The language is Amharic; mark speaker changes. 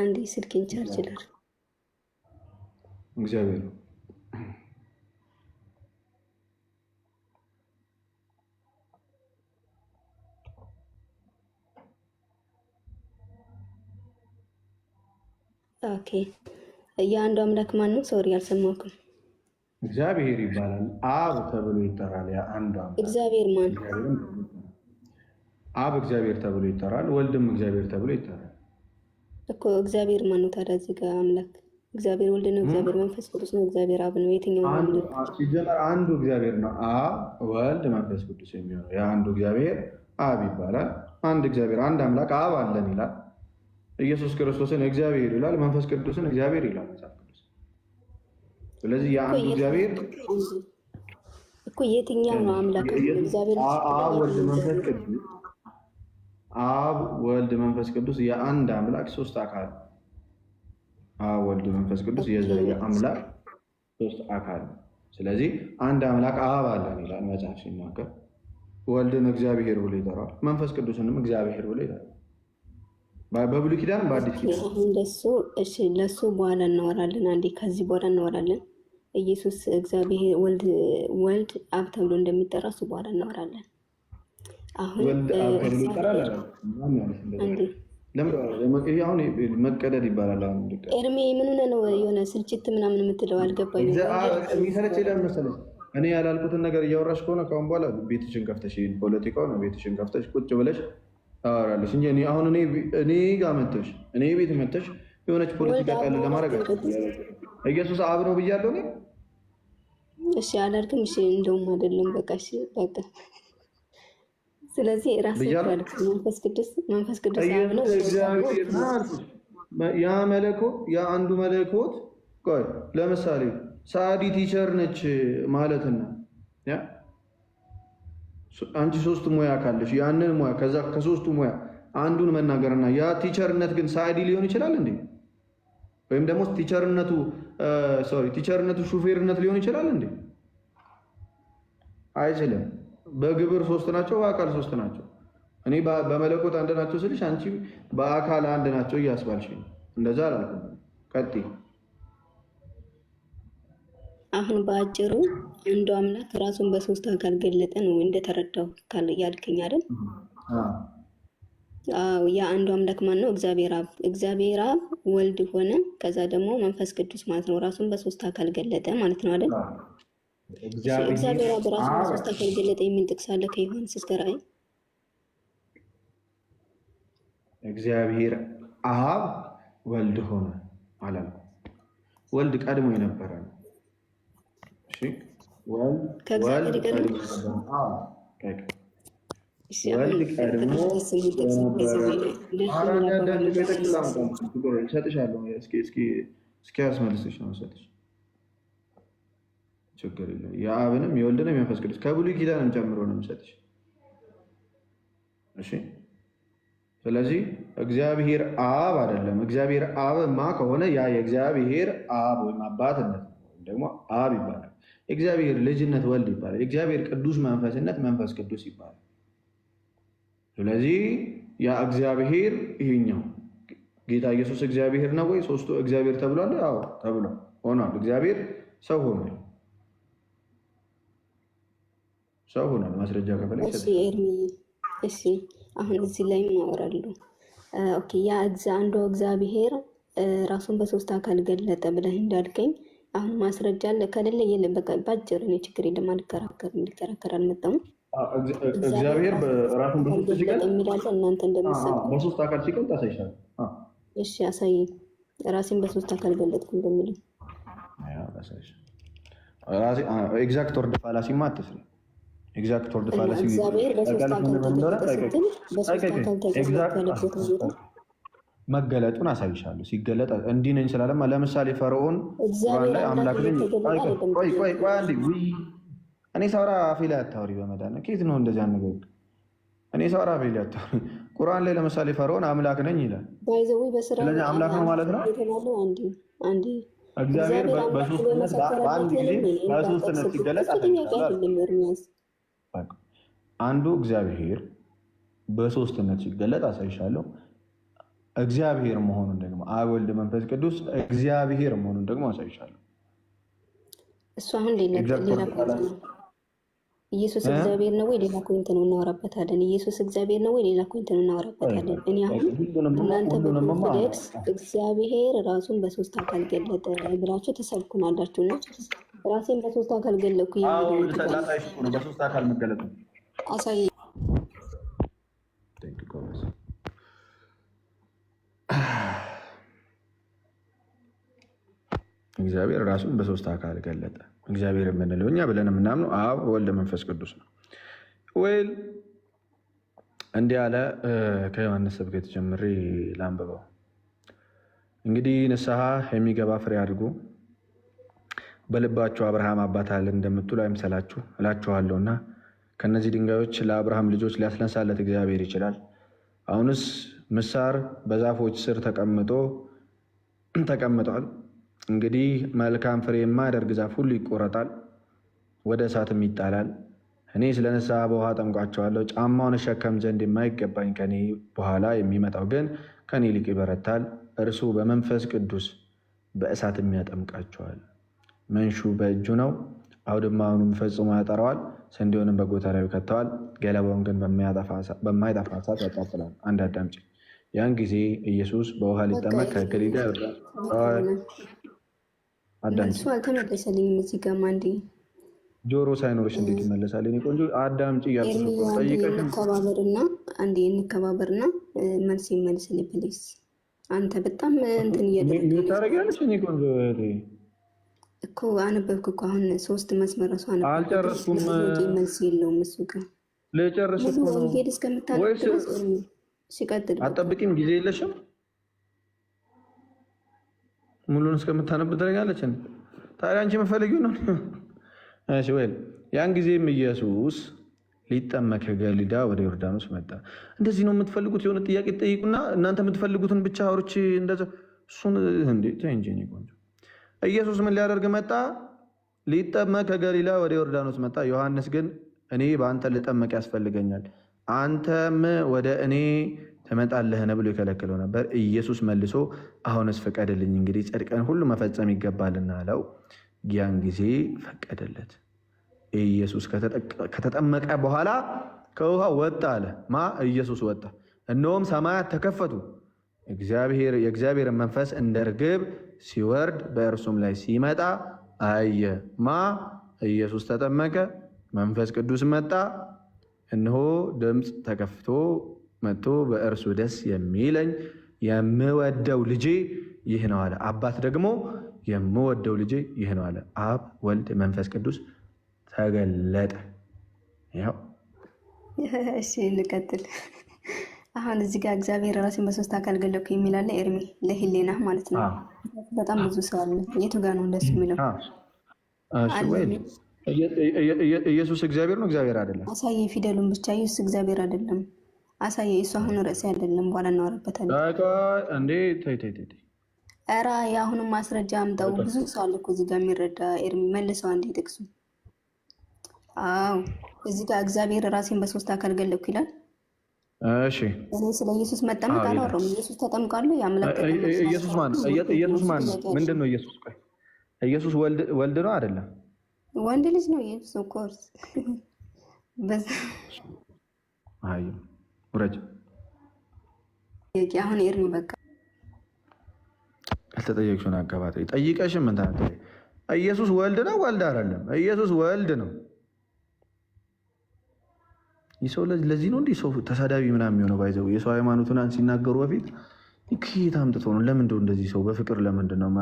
Speaker 1: አንዴ ስልኬን ቻርጅ ላድርግ። እግዚአብሔር ነው። ኦኬ የአንዱ አምላክ ማን ነው? ሶሪ አልሰማኩም።
Speaker 2: እግዚአብሔር ይባላል። አብ ተብሎ ይጠራል። አንዱ
Speaker 1: እግዚአብሔር ማን?
Speaker 2: አብ እግዚአብሔር ተብሎ ይጠራል። ወልድም እግዚአብሔር ተብሎ ይጠራል።
Speaker 1: እኮ እግዚአብሔር ማን ነው ታዲያ? እዚህ ጋር አምላክ እግዚአብሔር ወልድ ነው፣ እግዚአብሔር መንፈስ ቅዱስ ነው፣ እግዚአብሔር አብ ነው። የትኛው
Speaker 2: ሲጀመር አንዱ እግዚአብሔር ነው። አብ ወልድ መንፈስ ቅዱስ የሚሆነው የአንዱ እግዚአብሔር አብ ይባላል። አንድ እግዚአብሔር አንድ አምላክ አብ አለን ይላል። ኢየሱስ ክርስቶስን እግዚአብሔር ይላል። መንፈስ ቅዱስን እግዚአብሔር ይላል ስለዚህ የአንዱ እግዚአብሔር
Speaker 1: እኮ የትኛው ነው አምላክ? እግዚአብሔር
Speaker 2: አብ ወልድ መንፈስ ቅዱስ አብ ወልድ መንፈስ ቅዱስ የአንድ አምላክ ሶስት አካል። አብ ወልድ መንፈስ ቅዱስ የዘየ አምላክ ሶስት አካል። ስለዚህ አንድ አምላክ አብ አለን ይላል መጽሐፍ ሲናገር፣ ወልድን እግዚአብሔር ብሎ ይጠራል፣ መንፈስ ቅዱስንም እግዚአብሔር ብሎ ይጠራል። በብሉ ኪዳን በአዲስ
Speaker 1: ኪዳን ለሱ በኋላ እናወራለን። አንዴ ከዚህ በኋላ እናወራለን። ኢየሱስ እግዚአብሔር ወልድ አብ ተብሎ እንደሚጠራ እሱ በኋላ እናወራለን።
Speaker 2: መቀደድ ይባላል።
Speaker 1: ኤርሜ ምን ሆነህ ነው የሆነ ስልችት ምናምን የምትለው? አልገባኝም።
Speaker 2: የሚሰለች የለም መሰለኝ። እኔ ያላልኩትን ነገር እያወራሽ ከሆነ ከአሁን በኋላ ቤትሽን ከፍተሽ ፖለቲካውን ቤትሽን ከፍተሽ ቁጭ ብለሽ ታወራለሽ እንጂ እኔ አሁን እኔ ጋር መተሽ እኔ ቤት መተሽ የሆነች ፖለቲካ ቃል ለማድረግ ኢየሱስ አብ ነው ብያለሁ
Speaker 1: እሺ አላልክም። እሺ እንደውም አይደለም በቃ በቃ ስለዚህ መንፈስ ቅዱስ መንፈስ ቅዱስ
Speaker 2: ያ መለኮት ያ አንዱ መለኮት ቆይ ለምሳሌ ሳዲ ቲቸር ነች ማለትና አንቺ ሶስት ሙያ ካለሽ ያንን ሙያ ከዛ ከሶስቱ ሙያ አንዱን መናገርና ያ ቲቸርነት ግን ሳዲ ሊሆን ይችላል እንዴ? ወይም ደግሞ ቲቸርነቱ ሶሪ ቲቸርነቱ ሹፌርነት ሊሆን ይችላል እንዴ? አይችልም። በግብር ሶስት ናቸው፣ በአካል ሶስት ናቸው። እኔ በመለኮት አንድ ናቸው ስልሽ አንቺ በአካል አንድ ናቸው እያስባልሽ ነው። እንደዛ አላልኩ። ቀጥይ።
Speaker 1: አሁን በአጭሩ አንዱ አምላክ ራሱን በሶስት አካል ገለጠ ነው እንደተረዳው ያልከኝ አይደል? አዎ ያ አንዱ አምላክ ማን ነው? እግዚአብሔር አብ። እግዚአብሔር አብ ወልድ ሆነ፣ ከዛ ደግሞ መንፈስ ቅዱስ ማለት ነው። ራሱን በሶስት አካል ገለጠ ማለት ነው አይደል?
Speaker 2: እግዚአብሔር
Speaker 1: በራሱ ሶስት አገልግለጠ የሚል ጥቅስ አለ ከዮሐንስ እስከ ራእይ
Speaker 2: እግዚአብሔር አብ ወልድ ሆነ አለም ወልድ ቀድሞ የነበረ ነው። ወልድ ቀድሞ ሰጥሻለሁ እስኪ ያስመልስሽ ነው ሰጥሽ ችግር የለም። የአብንም የወልድንም የመንፈስ ቅዱስ ከብሉይ ኪዳንም ጨምሮ ነው የሚሰጥሽ። እሺ፣ ስለዚህ እግዚአብሔር አብ አይደለም። እግዚአብሔር አብማ ከሆነ ያ የእግዚአብሔር አብ ወይም አባትነት ወይም ደግሞ አብ ይባላል። የእግዚአብሔር ልጅነት ወልድ ይባላል። የእግዚአብሔር ቅዱስ መንፈስነት መንፈስ ቅዱስ ይባላል። ስለዚህ ያ እግዚአብሔር ይሄኛው ጌታ ኢየሱስ እግዚአብሔር ነው ወይ? ሶስቱ እግዚአብሔር ተብሏል። አዎ ተብሏል፣ ሆኗል። እግዚአብሔር ሰው ሆኗል። ሰው ሆኗል። ማስረጃ ከፈለ
Speaker 1: እሺ፣ አሁን እዚህ ላይ ይኖራሉ። ኦኬ፣ ያ አንዱ እግዚአብሔር ራሱን በሶስት አካል ገለጠ ብለህ እንዳልከኝ አሁን ማስረጃ አለ ከሌለ የለም። በቃ ባጭር ነው፣ ችግር የለም። አልከራከር እንዲከራከር አልመጣሁም።
Speaker 2: እግዚአብሔር ራሱን በሶስት ሲገልጥ
Speaker 1: የሚላለ እናንተ
Speaker 2: እንደምሰጥ በሶስት አካል ሲገልጥ አሳይሻል።
Speaker 1: እሺ አሳየኝ። ራሴን በሶስት አካል ገለጥኩ እንደሚለው
Speaker 2: ኤግዛክት ወርድ ፋላሲማ አትስሪ ኤግዛክት ወርድ ፋላሲ መገለጡን አሳይሻለሁ። ሲገለጥ እንዲህ ነኝ ስላለማ ለምሳሌ ፈርዖን ላይ አምላክ ነኝ። እኔ ሳውራ አፌ ላይ አታውሪ። በመድኃኒዓለም ከየት ነው እንደዚህ ነገር? እኔ ሳውራ አፌ ላይ ቁርአን ላይ ለምሳሌ ፈርዖን አምላክ ነኝ ይላል። ስለዚህ አምላክ ነው ማለት ነው። እግዚአብሔር በሶስትነት በአንድ ጊዜ በሶስትነት ሲገለጥ አንዱ እግዚአብሔር በሶስትነት ሲገለጥ አሳይሻለሁ። እግዚአብሔር መሆኑን ደግሞ አብ፣ ወልድ፣ መንፈስ ቅዱስ እግዚአብሔር መሆኑን ደግሞ አሳይሻለሁ።
Speaker 1: እሱ አሁን ሌላ ኢየሱስ እግዚአብሔር ነው ወይ ሌላ ኮይንት ነው እናወራበታለን። ኢየሱስ እግዚአብሔር ነው ወይ ሌላ ኮይንት ነው እናወራበታለን። እኔ አሁን እናንተ በኮንፊደንስ እግዚአብሔር ራሱን በሶስት አካል ገለጠ ብላችሁ ተሰብኩናላችሁ እና ራሴን በሶስት አካል ገለኩ።
Speaker 2: በሶስት አካል መገለጥ አሳይ። እግዚአብሔር ራሱን በሶስት አካል ገለጠ። እግዚአብሔር የምንለው እኛ ብለን የምናምነው አብ፣ ወልድ፣ መንፈስ ቅዱስ ነው። ወይል እንዲህ አለ። ከዮሐንስ ስብከት ጀምሬ ላንብበው። እንግዲህ ንስሐ የሚገባ ፍሬ አድርጎ በልባችሁ አብርሃም አባት አለን እንደምትሉ አይምሰላችሁ እላችኋለሁና ከነዚህ ድንጋዮች ለአብርሃም ልጆች ሊያስነሳለት እግዚአብሔር ይችላል። አሁንስ ምሳር በዛፎች ስር ተቀምጦ ተቀምጧል። እንግዲህ መልካም ፍሬ የማያደርግ ዛፍ ሁሉ ይቆረጣል፣ ወደ እሳትም ይጣላል። እኔ ስለ ንስሐ በውሃ አጠምቃቸዋለሁ። ጫማውን እሸከም ዘንድ የማይገባኝ ከኔ በኋላ የሚመጣው ግን ከኔ ይልቅ ይበረታል። እርሱ በመንፈስ ቅዱስ በእሳትም ያጠምቃቸዋል። መንሹ በእጁ ነው። አውድማውንም ፈጽሞ ያጠረዋል። ስንዴውንም በጎተራው ይከተዋል። ገለባውን ግን በማይጠፋ እሳት ያቃጥላል። አንድ አዳምጪ። ያን ጊዜ ኢየሱስ በውሃ ሊጠመቅ ከገሊላ እሱ ጆሮ ሳይኖርሽ እንዴት ይመለሳል? እኔ ቆንጆ አዳምጪ
Speaker 1: እያልኩሽና አንዴ እንከባበርና መልስ ይመልስልኝ ፕሊስ። አንተ በጣም
Speaker 2: እንትን እያደረግ ታደረጊያለሽ እኔ ቆንጆ
Speaker 1: እኮ አነበብክ እኮ አሁን ሶስት መስመር እሱ
Speaker 2: አነበብክ። አልጨረስኩም።
Speaker 1: መልስ የለውም እሱ ጋር
Speaker 2: ልጨርስ እኮ
Speaker 1: ሄድ እስከምታወይስ ሲቀጥል
Speaker 2: አጠብቂም ጊዜ የለሽም። ሙሉን እስከምታነብ ትደረጋለች። ታዲያ አንቺ መፈለጊ ነው። እሺ ወይ ያን ጊዜም ኢየሱስ ሊጠመቅ ከገሊላ ወደ ዮርዳኖስ መጣ። እንደዚህ ነው የምትፈልጉት? የሆነ ጥያቄ ጠይቁና እናንተ የምትፈልጉትን ብቻ አውርቼ እንደዛ እሱን እንዴ ተንጂኒ ቆንጆ ኢየሱስ ምን ሊያደርግ መጣ? ሊጠመቅ ከገሊላ ወደ ዮርዳኖስ መጣ። ዮሐንስ ግን እኔ በአንተ ልጠመቅ ያስፈልገኛል፣ አንተም ወደ እኔ ትመጣለህን ብሎ ይከለክለው ነበር። ኢየሱስ መልሶ አሁንስ ፍቀድልኝ፣ እንግዲህ ጽድቅን ሁሉ መፈጸም ይገባልና አለው። ያን ጊዜ ፈቀደለት። ኢየሱስ ከተጠመቀ በኋላ ከውሃ ወጣ አለ። ማ ኢየሱስ ወጣ። እነሆም ሰማያት ተከፈቱ፣ የእግዚአብሔር መንፈስ እንደ ርግብ ሲወርድ በእርሱም ላይ ሲመጣ አየ። ማ ኢየሱስ ተጠመቀ፣ መንፈስ ቅዱስ መጣ፣ እነሆ ድምፅ ተከፍቶ መጥቶ በእርሱ ደስ የሚለኝ የምወደው ልጄ ይህ ነው አለ። አባት ደግሞ የምወደው ልጄ ይህ ነው አለ። አብ ወልድ፣ መንፈስ ቅዱስ ተገለጠ።
Speaker 1: ያው እሺ፣ እንቀጥል። አሁን እዚህ ጋር እግዚአብሔር ራሴን በሶስት አካል ገለኩ የሚላለ ኤርሚ ለህሌና ማለት ነው። በጣም ብዙ ሰው አለ። የቱ ጋር ነው እንደሱ የሚለው?
Speaker 2: ኢየሱስ እግዚአብሔር ነው እግዚአብሔር አይደለም?
Speaker 1: አሳየ ፊደሉን ብቻ ኢየሱስ እግዚአብሔር አይደለም አሳየ። እሱ አሁን ርዕሴ አይደለም፣ በኋላ እናወራበታለን። ራ ተይ ማስረጃ አምጣው። ብዙ ሰው አለ እኮ እዚህ ጋር የሚረዳ ኤርሚ መልሰው አንዴ ጥቅሱ። አዎ እዚህ ጋር እግዚአብሔር ራሴን በሶስት አካል ገለኩ ይላል እሺ እኔ ስለ ኢየሱስ መጠመቅ አላወራሁም። ኢየሱስ ተጠምቃሉ
Speaker 2: ያመለከኢየሱስ ማን ነው? ምንድን ነው ኢየሱስ? ቆይ ኢየሱስ ወልድ ነው አይደለም?
Speaker 1: ወንድ ልጅ ነው ኢየሱስ። ኦፍኮርስ ውረጅ። አሁን ኤርሚ በቃ
Speaker 2: ያልተጠየቅሽውን አጋባጠ ጠይቀሽም እንትን ኢየሱስ ወልድ ነው ወልድ አይደለም? ኢየሱስ ወልድ ነው የሰው ለዚህ ነው እንዲህ ሰው ተሳዳቢ ምናምን የሚሆነው ባይዘው የሰው ሃይማኖት ምናምን ሲናገሩ በፊት ከየት አምጥቶ ነው? ለምንድነው እንደዚህ ሰው በፍቅር ለምንድነው